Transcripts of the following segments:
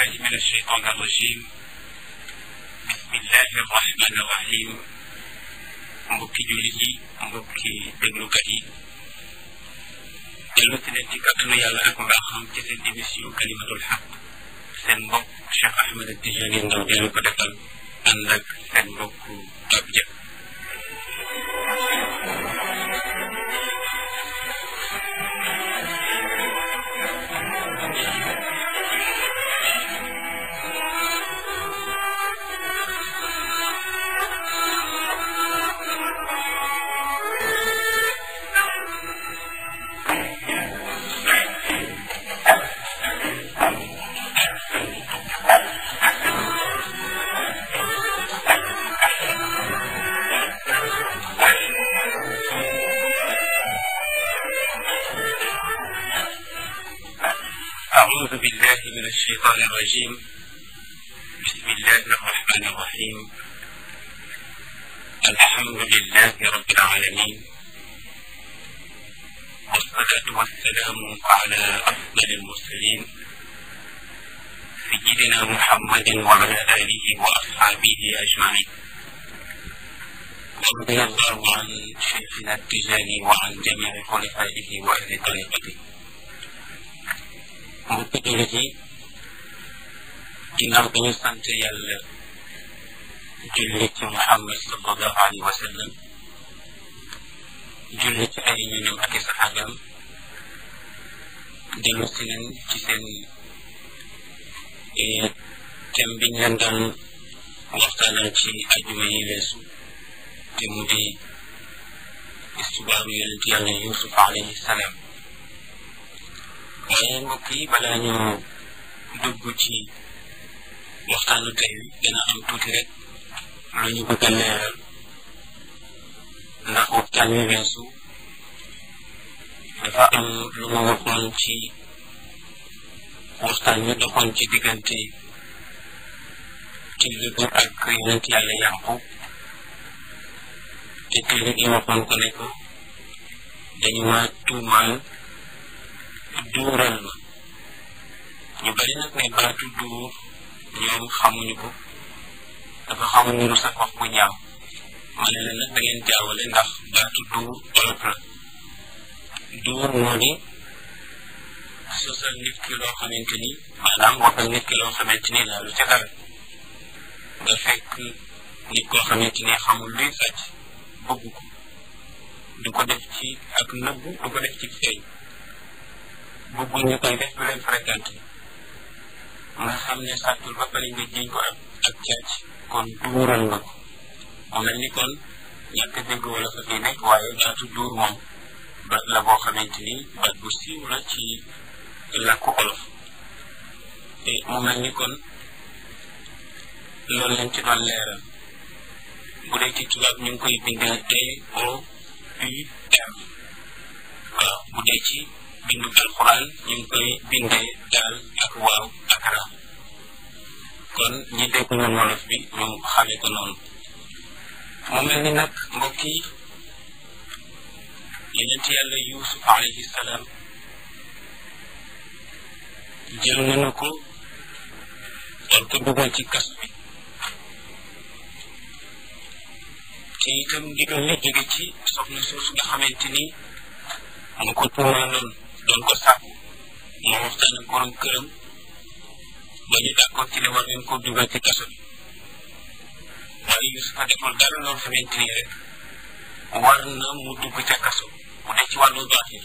بالله من الشيطان الرجيم بسم الله الرحمن الرحيم مبكي جولي مبكي دبلو كلمة التي تنتي كاكنا يالا أكو بأخام تنتي بسيو كلمة الحق سنبك شيخ أحمد التجاني نغدي لك دفل أنك سنبك أبجد أعوذ بالله من الشيطان الرجيم بسم الله الرحمن الرحيم الحمد لله رب العالمين والصلاة والسلام على أفضل المرسلين سيدنا محمد وعلى آله وأصحابه أجمعين رضي الله عن شيخنا التجاني وعن جميع خلفائه وأهل طريقته mu tëjale ci ginnaaw bi ñu sant yàlla julli ci Muhammad sallallahu alayhi wa sallam julli ci ay ñoñam ak i saxaabam dellu seen eh, thème bi ñu leen doon waxtaanal ci ajuma yi weesu te di istibaaru yonent yàlla salaam waaye mbokk yi balaa ñu dugg ci waxtaanu tey wi dina am tuuti rek lu ñu bëgg ndax waxtaan wi weesu dafa am lu ma waxoon ci waxtaan wi doxoon ci diggante kii bi ak yonent yàlla Yaqub te kii bi waxoon ko ne dañu ma tuumaal duural ma ñu bari nag ne baatu duur ñoom xamuñu ko dafa xamuñu lu sax wax bu ñaaw ma ne nag da jaawale ndax baatu duur olof la duur moo ni sosal nit ki loo xamante ni maanaam waxal nit ki loo xamante ni la ca dara nga fekk nit koo xamante ni xamul luy sàcc bëgg ko du ko def ci ak nëbb du ko def ci feeñ bëggul ñu koy def du leen fréquenté nga xam ne sàttul ba pare nga jiñ ko ak càcc kon duural nga ko mu mel ni kon ñàkk dégg wala fa fi nekk waaye baatu duur moom baat la boo xamante ni baat bu siiw la ci làkku olof te mu mel ni kon loolu lañ ci doon leeral bu dee ci tubaab ñu ngi koy bindal D O U waaw bu dee ci bindu alquran ñu ngi koy bindee daal ak waaw ak ra kon ñi dégg ñu wolof bi ñu xamee ko noonu mu mel ni nag mbokk yi yeneen yàlla yuusuf alayhi salaam jël nañu ko dal ko dugal ci kas bi te itam ndigal la jóge ci soxna suuf nga xamante ni mu ko tuumaaloon doon ko sàkku mu waxtaan ak borom këram ba ñu d'accord ci ne ko dugal ci kaso bi waaye Yusufa deful dara loolu xamante ni rek war na mu dugg ca kaso bu dee ci wàllu baatin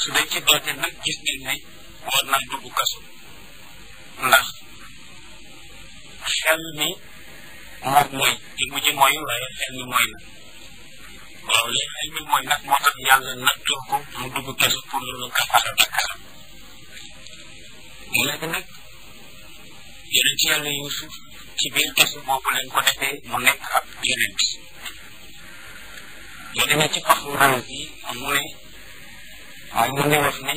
su dee ci baatin nag gis nañ ne war naa dugg kaso ndax xel mi moom mooy li mujj mooyul waaye xel mi mooy la waaw léeg-léeg nag mooy nag moo tax yàlla nattoo ko mu dugg kaso pour ñu nga fara bakkaram léegi nag yeneen ci yàlla Yuusuf ci biir kaso boobu lañ ko mu nekk ab yeneen ci faxu raw bi mu ne waaye mu ne wax ne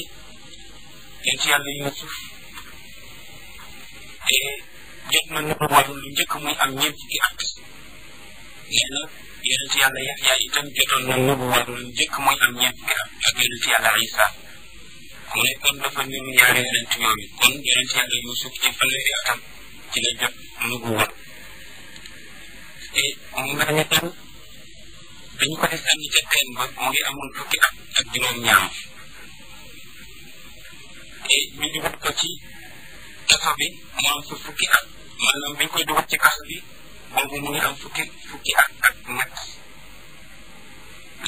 yeneen ci yàlla Yuusuf jot na nubuwwa lu jëkk muy am ñeent ci at nee yonent yàlla yaxya itam jotoon na nubuwaat lu njëkk muy am ñetti at ak yonent yàlla mu ne kon dafa niru ñaari yonent yooyu kon yonent yàlla yusuf ci fanweeri atam ci la jot nubuwaat te mu mel ne tam dañu ko def sànni ca teen ba mu ngi amoon fukki at ak juróom-ñaar te ñu dugal ci kaso bi mu am fa fukki at maanaam bi ñu koy dugal ci kaso bi बहुमूल्य फुकी अकमत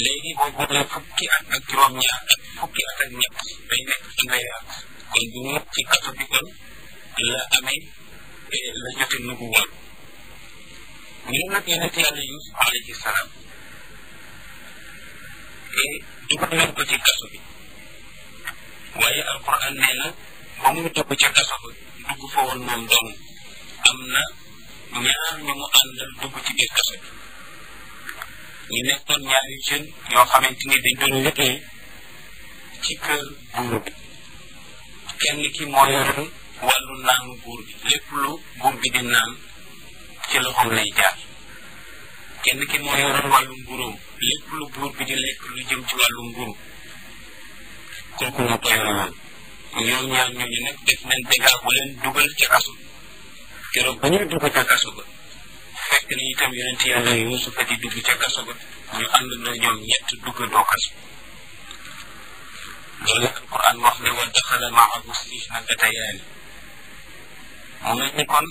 लेगी बहुमूल्य फुकी अकरोमिया फुकी अकमत बेने इंगया kunjungi kita sebutkan la amin eh, la jotin nubuwan ngir nak yonent yàlla yusuf alayhi salaam eh, dugal nañ ko ci kaso bi waaye alquran nee na ba mu dugg ca kaso ba dugg fa woon moom dong am na ñaar ña mu àndal dugg ci biir kaso bi ñu nekkoon ñaari jeunes yoo xamante ni dañ doon liggéey ci kër buur bi kenn ki moo yoroon wàllu naanu buur bi lépp lu buur bi di naan ci loxoom lay kenn ki moo yoroon wàllu mburóom lépp lu buur bi di lekk lu jëm ci wàllu mburu kooku moo ko yoroon ñoom ñaar ñooñu nag def nañ dégâts bu leen dugal ci kaso keroog ba ñuy dugg ca kaso ba fekk ni itam yonent yàlla Yuusufa di dugg ca kaso ba ñu ànd na ñoom ñett duggandoo kaso loolu la alquran wax ne wa daxala maahu sijna fatayaani kon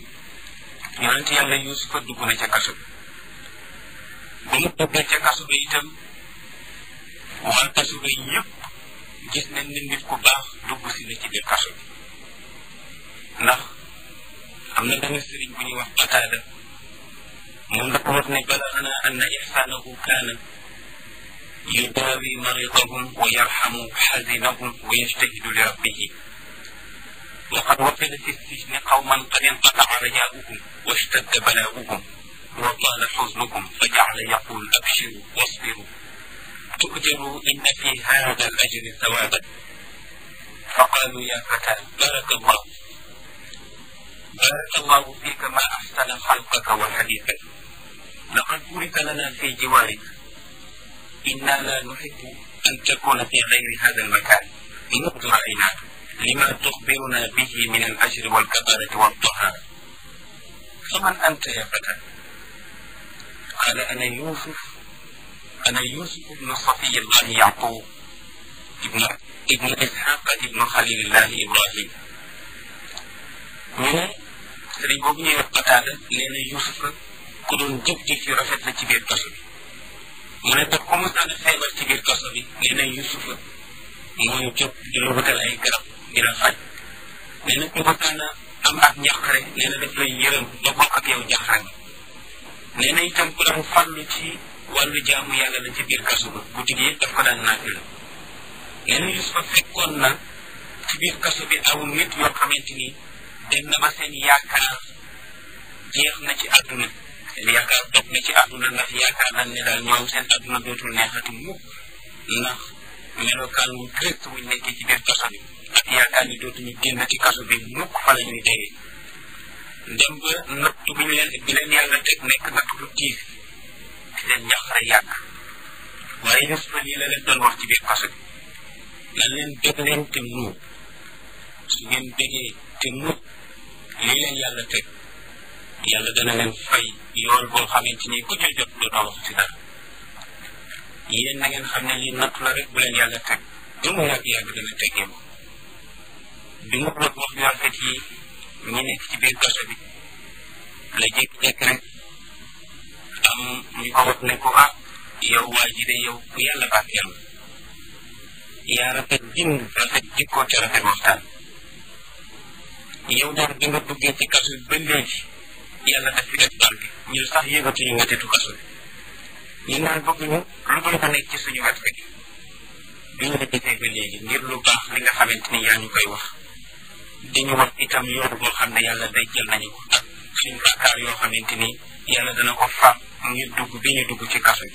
yonent yàlla Yuusufa dugg na ca kaso ba ba mu duggee ca kaso ba itam waa kaso ba ñëpp gis ne nit ku baax dugg si na ci biir kaso bi ndax am na benn sëriñ bu ñuy wax qataada moom dafa wax ne balaxna an ihsanahu kaana yudawi maridahum wa yarhamu xazinahum wa yajtahidu li rabbihi وقد وصل في السجن قوما قد انقطع رجاؤهم واشتد بلاؤهم وطال حزنهم فجعل يقول ابشروا واصبروا تؤجروا ان في هذا الاجر ثوابا فقالوا يا فتى بارك الله بارك الله فيك ما أحسن خلقك وحديثك لقد بورك لنا في جوارك إنا لا نحب أن تكون في غير هذا المكان نرجو علينا لما تخبرنا به من الأجر والكبرة والطهارة فمن أنت يا فتى؟ قال أنا يوسف أنا يوسف بن صفي الله يعقوب ابن ابن إسحاق ابن خليل الله إبراهيم من sëriñ boobu ñuy wax Qataada nee na ku doon jëf-jëf yu rafet la ci biir kaso bi mu ne daf ko mosaana feebar ci biir kaso bi nee na mooy jóg di la wutal ay garab di la faj nee na yow njàqare nee na itam ku daan fàllu ci na Yuusuf fekkoon na ci biir kaso bi aw nit yoo xamante ni te nama seen yaakaar jeex na ci àdduna seen yaakaar toog na ci àdduna ndax yaakaar nañ ne daal ñoom seen àdduna dootul neexati mukk ndax melokaan wu gërët wuñ nekkee ci biir kaso bi ak yaakaar ni dootuñu génn ci kaso bi mukk fa la ñuy tege ba natt bu ñu leen bi yàlla teg nekk natt bu tiis di leen njaqare yàgg waaye ñun fan yi la leen doon wax ci biir kaso bi lan leen dégg leen te muub su ngeen déggee te muub lii leen yàlla teg yàlla dana leen fay yoon boo xamante ni ku ca jot dootoo wax dara yéen na ngeen xam ne lii nattu la rek bu leen yàlla teg lu mu yàgg yàgg dana teggee moom bi mu wax wax yu rafet yi ñi nekk ci biir kaso bi la jékki-jékki rek am ñu ko wax ne ah yow waa ji de yow ku yàlla baax yaa rafet jim rafet jikkoo ca rafet waxtaan yewdare ɗi noddugeeti kaso belleeji kasus allah nafirata balɗe ñil sax yëgatu ñu wetetu kaso ñi naan bëgg ñu lu dul ko nekk ci suñu wet rek bi ñu nekkee ba léegi ngir lu baax li nga xamante ni yaa ñu koy wax di ñu wax itam yoon boo xam ne yàlla day jël nañu ko ak suñu bàkkaar yoo xamante ni yàlla dana ko fa ngir dugg bi ñu dugg ci kaso bi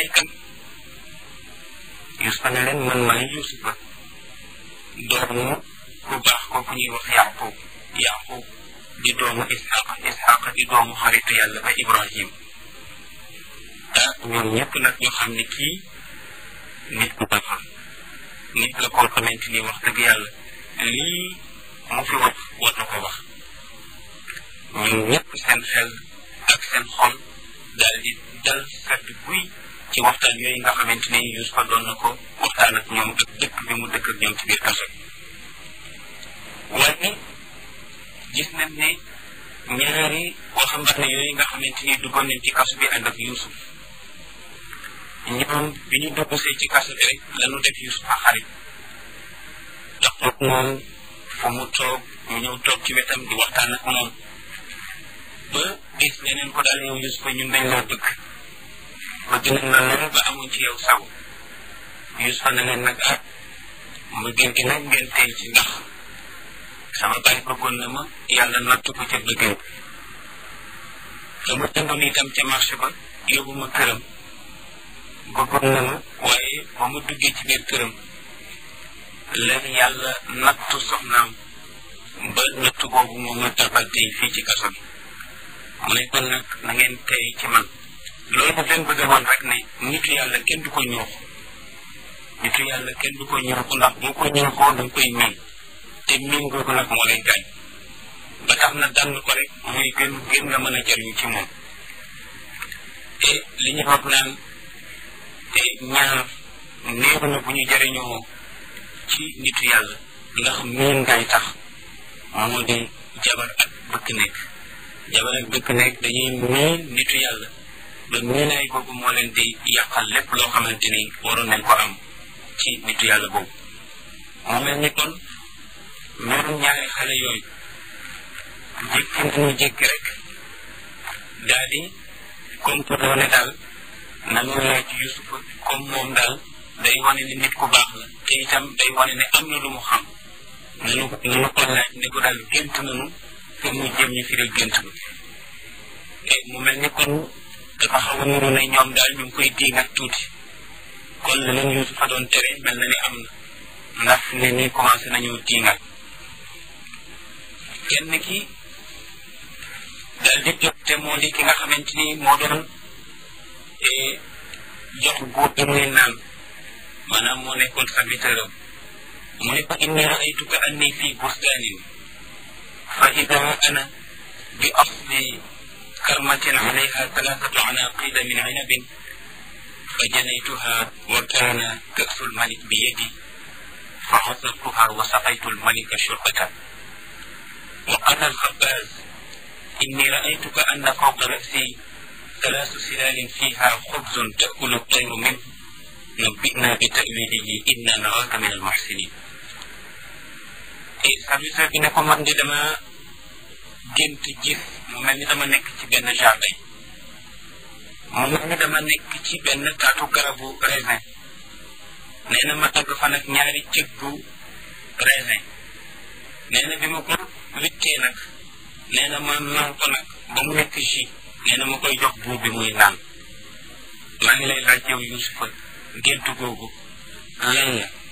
ak gis nga leen man maay Yuusufa doomu ku baax ko ku ñuy wax Yaqub Yaqub di doomu Ishaq Ishaq di doomu xaritu yàlla ba Ibrahim ah ñoom ñëpp nag ñu xam ne kii nit ku baax nit la koo xamante ni wax dëgg yàlla lii mu fi wax war na ko wax ñun ñëpp seen xel ak seen xol daal di dal sedd guy ci waxtaan yooyu nga xamante ne Youssoupha doon na ko waxtaan ñoom ak dëkk bi mu dëkk ak ñoom ci biir kaso waaye gis nañ ne ñaari nañ ci kaso bi ànd ak Youssouf ñoom ci kaso bi rek moom mu toog ci wetam di waxtaan ak moom ba gis leneen ko daal yow Youssouf ñun dañ loo dëkk ma gën na nan ba amuñ ci yow sago yus fa na leen nag ah ma gën gi nag ngeen tey ci ndax sama baay bëggoon na ma yàlla nattu ko ca bëggee dama tëndoon itam ca marché ba yóbbu ma këram bëggoon na ma waaye ba mu duggee ci biir këram leen yàlla nattu soxnaam ba nattu boobu moom ma tabal tey fii ci kaso mu ne kon nag na tey ci man loolu daf leen bëgg a wan rek ne nitu yàlla kenn du ko ñëw nitu yàlla kenn du ko ñëw ko ndax boo ko ñëw koo da koy miin te miin googu nag moo lay gaañ ba tax na dànn ko rek muy gën gën nga mën a jariñ ci moom te li ñu wax naan te ñaar néew na bu ñu jariñoo ci nitu yàlla ndax miin ngay tax moo di jabar ak bëkk nekk jabar ak bëkk nekk dañuy miin nitu yàlla ba ngeenaay googu moo leen di yàqal lépp loo xamante ni waroon nañ ko am ci nitu yàlla boobu moo mel ni kon même ñaari xale yooyu jékki nañu jékki rek daal di complotoo ne daal nañu laaj Yusuf comme moom daal day wane ne nit ku baax la te itam day wane ne am na lu mu xam nanu nanu ko laaj ne ko daal gént nanu te mu jëm ñu fi rek gént mu mel ni kon dafa xaw a nuru ne ñoom daal ñu koy diin ak tuuti kon la leen Yuusufa doon tere mel na ne am na ndax ne ni commencé nañu diin ak kenn ki daal di jot te moo di nga xamante ni moo doon e, jox góor gi muy naan maanaam moo nekkoon serviteur am mu ne ko inni raaytuka anni fii bustaanin fa idaa ana bi asli كرمة عليها ثلاثة عناقيد من عنب فجنيتها وكان كأس الملك بيدي فعصرتها وسقيت الملك شربة وقال الخباز إني رأيتك أن فوق رأسي ثلاث سلال فيها خبز تأكل الطير منه نبئنا بتأويله إنا نراك من المحسنين إيه سابسا saya pindah komand dia nama game mu mel ni dama nekk ci benn jardin mu mel ni dama nekk ci benn taatu garabu raisin nee na ma tagg fa nag ñaari cëggu raisin nee na bi ma ko wittee nag nee na ma naan nag ba mu nekk ji nee na koy jox buur bi muy naan maa ngi lay laaj yow Yuusufa gént googu lan la